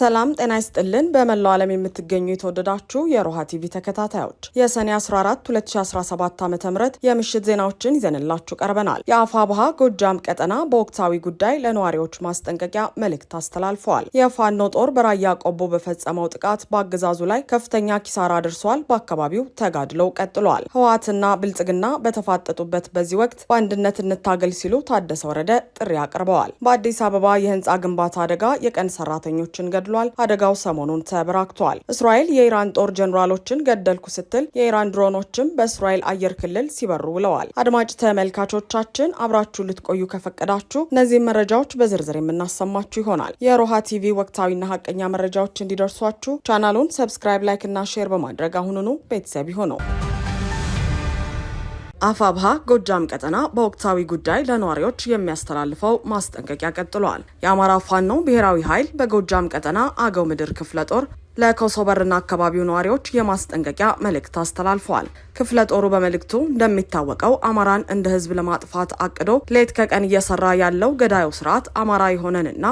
ሰላም ጤና ይስጥልን። በመላው ዓለም የምትገኙ የተወደዳችሁ የሮሃ ቲቪ ተከታታዮች የሰኔ 14 2017 ዓ ም የምሽት ዜናዎችን ይዘንላችሁ ቀርበናል። የአፋ ባሃ ጎጃም ቀጠና በወቅታዊ ጉዳይ ለነዋሪዎች ማስጠንቀቂያ መልእክት አስተላልፈዋል። የፋኖ ጦር በራያ ቆቦ በፈጸመው ጥቃት በአገዛዙ ላይ ከፍተኛ ኪሳራ ደርሷል። በአካባቢው ተጋድለው ቀጥሏል። ህወሓትና ብልጽግና በተፋጠጡበት በዚህ ወቅት በአንድነት እንታገል ሲሉ ታደሰ ወረደ ጥሪ አቅርበዋል። በአዲስ አበባ የህንፃ ግንባታ አደጋ የቀን ሰራተኞችን ገድሏል። ብሏል። አደጋው ሰሞኑን ተበራክቷል። እስራኤል የኢራን ጦር ጀኔራሎችን ገደልኩ ስትል የኢራን ድሮኖችም በእስራኤል አየር ክልል ሲበሩ ውለዋል። አድማጭ ተመልካቾቻችን አብራችሁ ልትቆዩ ከፈቀዳችሁ እነዚህም መረጃዎች በዝርዝር የምናሰማችሁ ይሆናል። የሮሃ ቲቪ ወቅታዊና ሀቀኛ መረጃዎች እንዲደርሷችሁ ቻናሉን ሰብስክራይብ፣ ላይክ እና ሼር በማድረግ አሁኑኑ ቤተሰብ ይሁኑ። አፋብሃ ጎጃም ቀጠና በወቅታዊ ጉዳይ ለነዋሪዎች የሚያስተላልፈው ማስጠንቀቂያ ቀጥሏል። የአማራ ፋኖ ብሔራዊ ኃይል በጎጃም ቀጠና አገው ምድር ክፍለ ጦር ለኮሶበርና አካባቢው ነዋሪዎች የማስጠንቀቂያ መልእክት አስተላልፈዋል። ክፍለ ጦሩ በመልእክቱ እንደሚታወቀው አማራን እንደ ህዝብ ለማጥፋት አቅዶ ሌት ከቀን እየሰራ ያለው ገዳዩ ስርዓት አማራ የሆነንና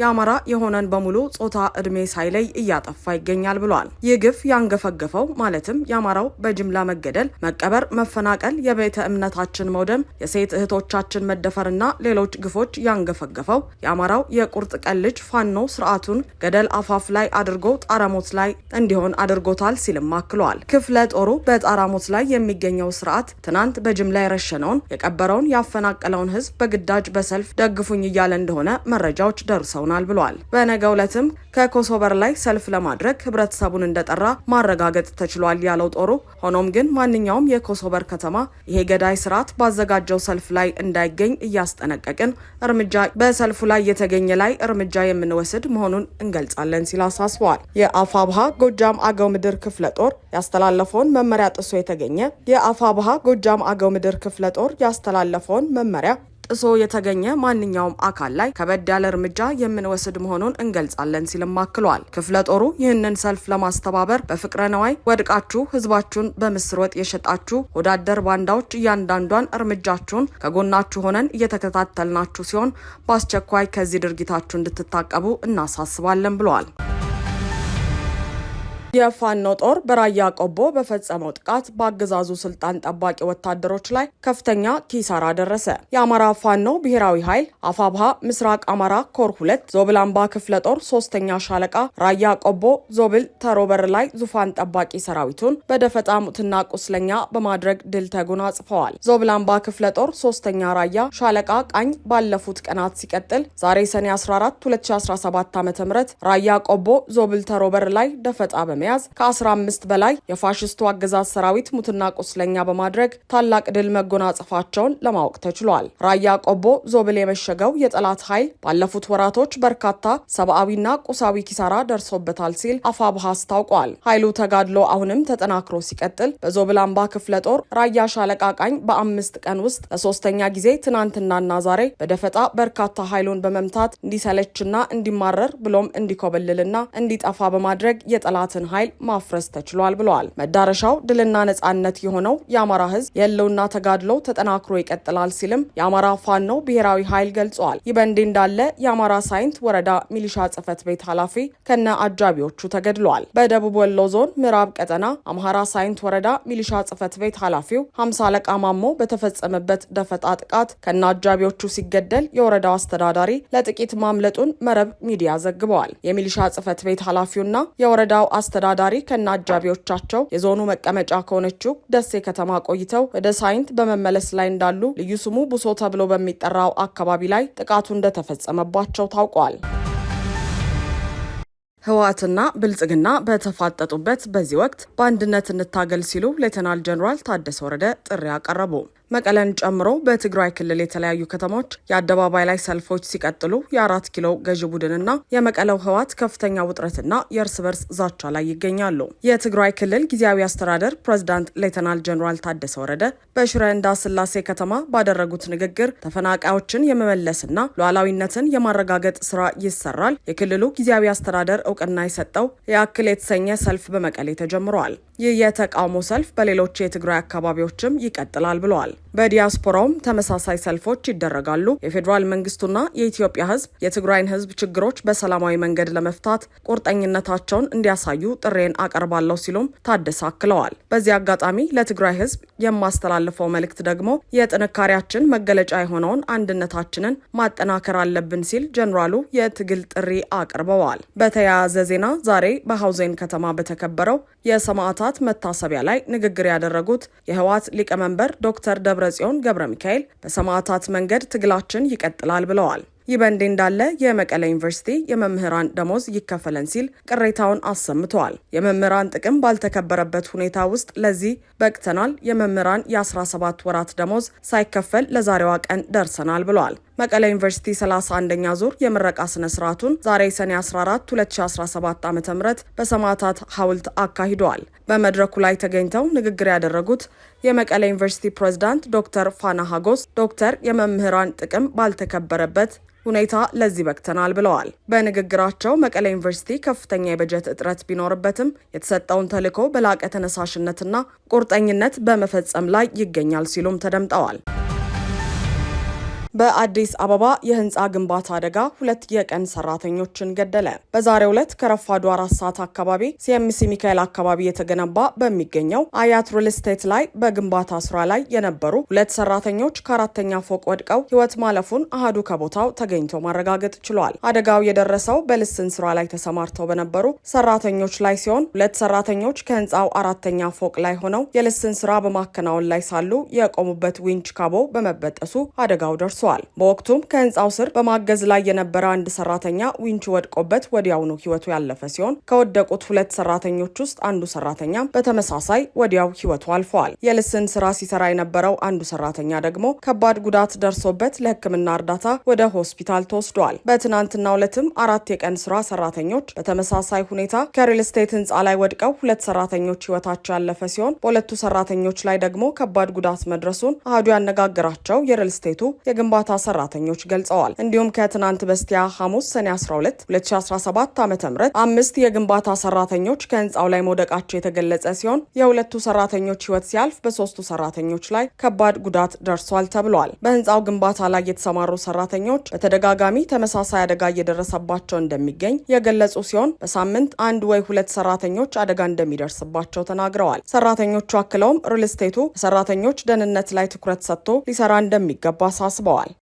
የአማራ የሆነን በሙሉ ጾታ፣ እድሜ ሳይለይ እያጠፋ ይገኛል ብሏል። ይህ ግፍ ያንገፈገፈው ማለትም የአማራው በጅምላ መገደል፣ መቀበር፣ መፈናቀል፣ የቤተ እምነታችን መውደም፣ የሴት እህቶቻችን መደፈርና ሌሎች ግፎች ያንገፈገፈው የአማራው የቁርጥ ቀን ልጅ ፋኖ ስርዓቱን ገደል አፋፍ ላይ አድርጎ ጣረሞት ላይ እንዲሆን አድርጎታል ሲልም አክሏል። ክፍለ ጦሩ በጣራሞት ላይ የሚገኘው ስርዓት ትናንት በጅምላ የረሸነውን የቀበረውን ያፈናቀለውን ህዝብ በግዳጅ በሰልፍ ደግፉኝ እያለ እንደሆነ መረጃዎች ደርሰውናል ብሏል። በነገ ዕለትም ከኮሶበር ላይ ሰልፍ ለማድረግ ህብረተሰቡን እንደጠራ ማረጋገጥ ተችሏል ያለው ጦሩ፣ ሆኖም ግን ማንኛውም የኮሶበር ከተማ ይሄ ገዳይ ስርዓት ባዘጋጀው ሰልፍ ላይ እንዳይገኝ እያስጠነቀቅን እርምጃ በሰልፉ ላይ የተገኘ ላይ እርምጃ የምንወስድ መሆኑን እንገልጻለን ሲል አሳስበዋል። የአፋብሃ ጎጃም አገው ምድር ክፍለ ጦር ያስተላለፈውን መመሪያ ጥሶ የተገ የተገኘ የአፋብሃ ጎጃም አገው ምድር ክፍለ ጦር ያስተላለፈውን መመሪያ ጥሶ የተገኘ ማንኛውም አካል ላይ ከበድ ያለ እርምጃ የምንወስድ መሆኑን እንገልጻለን ሲልም አክሏል። ክፍለ ጦሩ ይህንን ሰልፍ ለማስተባበር በፍቅረ ነዋይ ወድቃችሁ ህዝባችሁን በምስር ወጥ የሸጣችሁ ወዳደር ባንዳዎች እያንዳንዷን እርምጃችሁን ከጎናችሁ ሆነን እየተከታተልናችሁ ሲሆን በአስቸኳይ ከዚህ ድርጊታችሁ እንድትታቀቡ እናሳስባለን ብለዋል። የፋኖ ጦር በራያ ቆቦ በፈጸመው ጥቃት በአገዛዙ ስልጣን ጠባቂ ወታደሮች ላይ ከፍተኛ ኪሳራ ደረሰ። የአማራ ፋኖ ብሔራዊ ኃይል አፋብሃ ምስራቅ አማራ ኮር ሁለት ዞብላምባ ክፍለ ጦር ሶስተኛ ሻለቃ ራያ ቆቦ ዞብል ተሮበር ላይ ዙፋን ጠባቂ ሰራዊቱን በደፈጣ ሙትና ቁስለኛ በማድረግ ድል ተጎናጽፈዋል። ዞብላምባ ክፍለ ጦር ሶስተኛ ራያ ሻለቃ ቃኝ ባለፉት ቀናት ሲቀጥል ዛሬ ሰኔ 14 2017 ዓ ም ራያ ቆቦ ዞብል ተሮበር ላይ ደፈጣ በ በመያዝ ከ15 በላይ የፋሽስቱ አገዛዝ ሰራዊት ሙትና ቁስለኛ በማድረግ ታላቅ ድል መጎናጸፋቸውን ለማወቅ ተችሏል። ራያ ቆቦ ዞብል የመሸገው የጠላት ኃይል ባለፉት ወራቶች በርካታ ሰብአዊና ቁሳዊ ኪሳራ ደርሶበታል ሲል አፋብሃ አስታውቋል። ኃይሉ ተጋድሎ አሁንም ተጠናክሮ ሲቀጥል በዞብል አምባ ክፍለ ጦር ራያ ሻለቃ ቃኝ በአምስት ቀን ውስጥ ለሶስተኛ ጊዜ ትናንትናና ዛሬ በደፈጣ በርካታ ኃይሉን በመምታት እንዲሰለችና እንዲማረር ብሎም እንዲኮበልልና እንዲጠፋ በማድረግ የጠላትን ኃይል ማፍረስ ተችሏል ብለዋል። መዳረሻው ድልና ነጻነት የሆነው የአማራ ህዝብ የህልውና ተጋድሎ ተጠናክሮ ይቀጥላል ሲልም የአማራ ፋኖ ብሔራዊ ኃይል ገልጸዋል። ይህ በእንዲህ እንዳለ የአማራ ሳይንት ወረዳ ሚሊሻ ጽህፈት ቤት ኃላፊ ከነ አጃቢዎቹ ተገድለዋል። በደቡብ ወሎ ዞን ምዕራብ ቀጠና አምሃራ ሳይንት ወረዳ ሚሊሻ ጽህፈት ቤት ኃላፊው ሀምሳ አለቃ ማሞ በተፈጸመበት ደፈጣ ጥቃት ከነ አጃቢዎቹ ሲገደል የወረዳው አስተዳዳሪ ለጥቂት ማምለጡን መረብ ሚዲያ ዘግበዋል። የሚሊሻ ጽህፈት ቤት ኃላፊውና የወረዳው አስተ አስተዳዳሪ ከነ አጃቢዎቻቸው የዞኑ መቀመጫ ከሆነችው ደሴ ከተማ ቆይተው ወደ ሳይንት በመመለስ ላይ እንዳሉ ልዩ ስሙ ቡሶ ተብሎ በሚጠራው አካባቢ ላይ ጥቃቱ እንደተፈጸመባቸው ታውቋል። ህወሓትና ብልጽግና በተፋጠጡበት በዚህ ወቅት በአንድነት እንታገል ሲሉ ሌተናል ጀኔራል ታደሰ ወረደ ጥሪ አቀረቡ። መቀለን ጨምሮ በትግራይ ክልል የተለያዩ ከተሞች የአደባባይ ላይ ሰልፎች ሲቀጥሉ የአራት ኪሎ ገዢ ቡድንና የመቀለው ህወሓት ከፍተኛ ውጥረትና የእርስ በርስ ዛቻ ላይ ይገኛሉ። የትግራይ ክልል ጊዜያዊ አስተዳደር ፕሬዚዳንት ሌተናል ጀኔራል ታደሰ ወረደ በሽረ እንዳ ስላሴ ከተማ ባደረጉት ንግግር ተፈናቃዮችን የመመለስና ሉዓላዊነትን የማረጋገጥ ስራ ይሰራል። የክልሉ ጊዜያዊ አስተዳደር እውቅና የሰጠው የአክል የተሰኘ ሰልፍ በመቀሌ ተጀምረዋል። ይህ የተቃውሞ ሰልፍ በሌሎች የትግራይ አካባቢዎችም ይቀጥላል ብለዋል። በዲያስፖራውም ተመሳሳይ ሰልፎች ይደረጋሉ። የፌዴራል መንግስቱና የኢትዮጵያ ህዝብ የትግራይን ህዝብ ችግሮች በሰላማዊ መንገድ ለመፍታት ቁርጠኝነታቸውን እንዲያሳዩ ጥሬን አቀርባለሁ ሲሉም ታደሰ አክለዋል። በዚህ አጋጣሚ ለትግራይ ህዝብ የማስተላልፈው መልእክት ደግሞ የጥንካሬያችን መገለጫ የሆነውን አንድነታችንን ማጠናከር አለብን ሲል ጀኔራሉ የትግል ጥሪ አቅርበዋል። በተያያዘ ዜና ዛሬ በሀውዜን ከተማ በተከበረው የሰማዕታት ሰዓት መታሰቢያ ላይ ንግግር ያደረጉት የህወሓት ሊቀመንበር ዶክተር ደብረጽዮን ገብረ ሚካኤል በሰማዕታት መንገድ ትግላችን ይቀጥላል ብለዋል። ይህ በእንዲህ እንዳለ የመቀለ ዩኒቨርሲቲ የመምህራን ደሞዝ ይከፈለን ሲል ቅሬታውን አሰምተዋል። የመምህራን ጥቅም ባልተከበረበት ሁኔታ ውስጥ ለዚህ በቅተናል። የመምህራን የ17 ወራት ደሞዝ ሳይከፈል ለዛሬዋ ቀን ደርሰናል ብለዋል። መቀለ ዩኒቨርሲቲ 31ኛ ዙር የምረቃ ስነ ስርዓቱን ዛሬ ሰኔ 14 2017 ዓ ም በሰማዕታት ሐውልት አካሂደዋል። በመድረኩ ላይ ተገኝተው ንግግር ያደረጉት የመቀለ ዩኒቨርሲቲ ፕሬዝዳንት ዶክተር ፋና ሀጎስ ዶክተር የመምህራን ጥቅም ባልተከበረበት ሁኔታ ለዚህ በክተናል ብለዋል። በንግግራቸው መቀሌ ዩኒቨርሲቲ ከፍተኛ የበጀት እጥረት ቢኖርበትም የተሰጠውን ተልዕኮ በላቀ ተነሳሽነትና ቁርጠኝነት በመፈጸም ላይ ይገኛል ሲሉም ተደምጠዋል። በአዲስ አበባ የህንፃ ግንባታ አደጋ ሁለት የቀን ሰራተኞችን ገደለ። በዛሬው ዕለት ከረፋዱ አራት ሰዓት አካባቢ ሲኤምሲ ሚካኤል አካባቢ የተገነባ በሚገኘው አያት ሪል ስቴት ላይ በግንባታ ስራ ላይ የነበሩ ሁለት ሰራተኞች ከአራተኛ ፎቅ ወድቀው ህይወት ማለፉን አህዱ ከቦታው ተገኝቶ ማረጋገጥ ችሏል። አደጋው የደረሰው በልስን ስራ ላይ ተሰማርተው በነበሩ ሰራተኞች ላይ ሲሆን ሁለት ሰራተኞች ከህንፃው አራተኛ ፎቅ ላይ ሆነው የልስን ስራ በማከናወን ላይ ሳሉ የቆሙበት ዊንች ካቦ በመበጠሱ አደጋው ደርሷል። ደርሰዋል። በወቅቱም ከህንፃው ስር በማገዝ ላይ የነበረ አንድ ሰራተኛ ዊንች ወድቆበት ወዲያውኑ ህይወቱ ያለፈ ሲሆን ከወደቁት ሁለት ሰራተኞች ውስጥ አንዱ ሰራተኛ በተመሳሳይ ወዲያው ህይወቱ አልፈዋል። የልስን ስራ ሲሰራ የነበረው አንዱ ሰራተኛ ደግሞ ከባድ ጉዳት ደርሶበት ለህክምና እርዳታ ወደ ሆስፒታል ተወስዷል። በትናንትናው ዕለትም አራት የቀን ስራ ሰራተኞች በተመሳሳይ ሁኔታ ከሪል ስቴት ህንፃ ላይ ወድቀው ሁለት ሰራተኞች ህይወታቸው ያለፈ ሲሆን በሁለቱ ሰራተኞች ላይ ደግሞ ከባድ ጉዳት መድረሱን አህዱ ያነጋገራቸው የሪል ስቴቱ የግንባ ግንባታ ሰራተኞች ገልጸዋል። እንዲሁም ከትናንት በስቲያ ሐሙስ ሰኔ 12 2017 ዓ ም አምስት የግንባታ ሰራተኞች ከህንፃው ላይ መውደቃቸው የተገለጸ ሲሆን የሁለቱ ሰራተኞች ህይወት ሲያልፍ በሶስቱ ሰራተኞች ላይ ከባድ ጉዳት ደርሷል ተብሏል። በህንፃው ግንባታ ላይ የተሰማሩ ሰራተኞች በተደጋጋሚ ተመሳሳይ አደጋ እየደረሰባቸው እንደሚገኝ የገለጹ ሲሆን በሳምንት አንድ ወይ ሁለት ሰራተኞች አደጋ እንደሚደርስባቸው ተናግረዋል። ሰራተኞቹ አክለውም ሪልስቴቱ ሰራተኞች በሰራተኞች ደህንነት ላይ ትኩረት ሰጥቶ ሊሰራ እንደሚገባ አሳስበዋል። হয়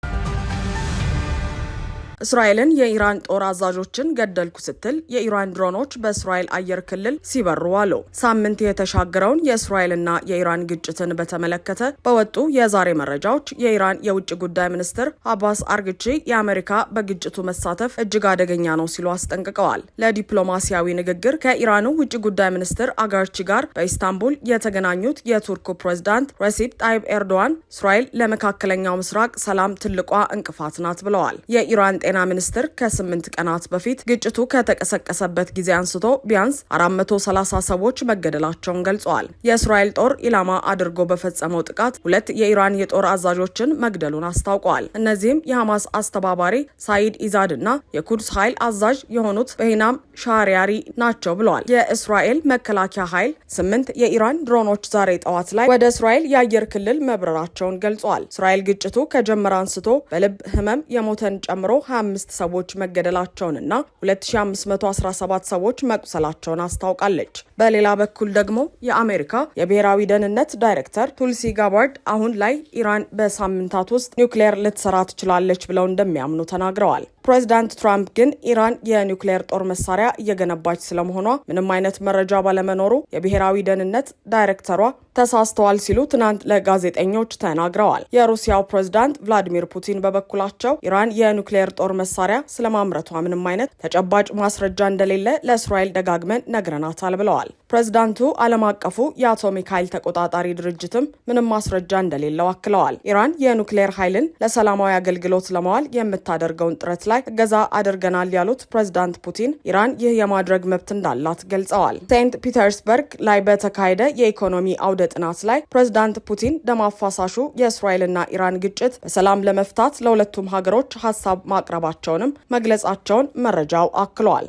እስራኤልን የኢራን ጦር አዛዦችን ገደልኩ ስትል የኢራን ድሮኖች በእስራኤል አየር ክልል ሲበሩ አለው። ሳምንት የተሻገረውን የእስራኤልና የኢራን ግጭትን በተመለከተ በወጡ የዛሬ መረጃዎች የኢራን የውጭ ጉዳይ ሚኒስትር አባስ አርግቺ የአሜሪካ በግጭቱ መሳተፍ እጅግ አደገኛ ነው ሲሉ አስጠንቅቀዋል። ለዲፕሎማሲያዊ ንግግር ከኢራኑ ውጭ ጉዳይ ሚኒስትር አጋርቺ ጋር በኢስታንቡል የተገናኙት የቱርኩ ፕሬዝዳንት ረሲፕ ጣይብ ኤርዶዋን እስራኤል ለመካከለኛው ምስራቅ ሰላም ትልቋ እንቅፋት ናት ብለዋል። የኢራን ጤና ሚኒስቴር ከስምንት ቀናት በፊት ግጭቱ ከተቀሰቀሰበት ጊዜ አንስቶ ቢያንስ 430 ሰዎች መገደላቸውን ገልጸዋል። የእስራኤል ጦር ኢላማ አድርጎ በፈጸመው ጥቃት ሁለት የኢራን የጦር አዛዦችን መግደሉን አስታውቀዋል። እነዚህም የሐማስ አስተባባሪ ሳይድ ኢዛድ እና የኩድስ ኃይል አዛዥ የሆኑት በሂናም ሻሪያሪ ናቸው ብለዋል። የእስራኤል መከላከያ ኃይል ስምንት የኢራን ድሮኖች ዛሬ ጠዋት ላይ ወደ እስራኤል የአየር ክልል መብረራቸውን ገልጸዋል። እስራኤል ግጭቱ ከጀመረ አንስቶ በልብ ህመም የሞተን ጨምሮ 25 ሰዎች መገደላቸውንና 2517 ሰዎች መቁሰላቸውን አስታውቃለች። በሌላ በኩል ደግሞ የአሜሪካ የብሔራዊ ደህንነት ዳይሬክተር ቱልሲ ጋባርድ አሁን ላይ ኢራን በሳምንታት ውስጥ ኒውክሌር ልትሰራ ትችላለች ብለው እንደሚያምኑ ተናግረዋል። ፕሬዚዳንት ትራምፕ ግን ኢራን የኒውክሌር ጦር መሳሪያ እየገነባች ስለመሆኗ ምንም አይነት መረጃ ባለመኖሩ የብሔራዊ ደህንነት ዳይሬክተሯ ተሳስተዋል ሲሉ ትናንት ለጋዜጠኞች ተናግረዋል። የሩሲያው ፕሬዝዳንት ቭላዲሚር ፑቲን በበኩላቸው ኢራን የኒውክሌር ጦር መሳሪያ ስለማምረቷ ምንም አይነት ተጨባጭ ማስረጃ እንደሌለ ለእስራኤል ደጋግመን ነግረናታል ብለዋል። ፕሬዝዳንቱ ዓለም አቀፉ የአቶሚክ ኃይል ተቆጣጣሪ ድርጅትም ምንም ማስረጃ እንደሌለው አክለዋል። ኢራን የኑክሌር ኃይልን ለሰላማዊ አገልግሎት ለማዋል የምታደርገውን ጥረት ላይ እገዛ አድርገናል ያሉት ፕሬዝዳንት ፑቲን ኢራን ይህ የማድረግ መብት እንዳላት ገልጸዋል። ሴንት ፒተርስበርግ ላይ በተካሄደ የኢኮኖሚ አውደ ጥናት ላይ ፕሬዝዳንት ፑቲን ደም አፋሳሹ የእስራኤልና ኢራን ግጭት በሰላም ለመፍታት ለሁለቱም ሀገሮች ሀሳብ ማቅረባቸውንም መግለጻቸውን መረጃው አክሏል።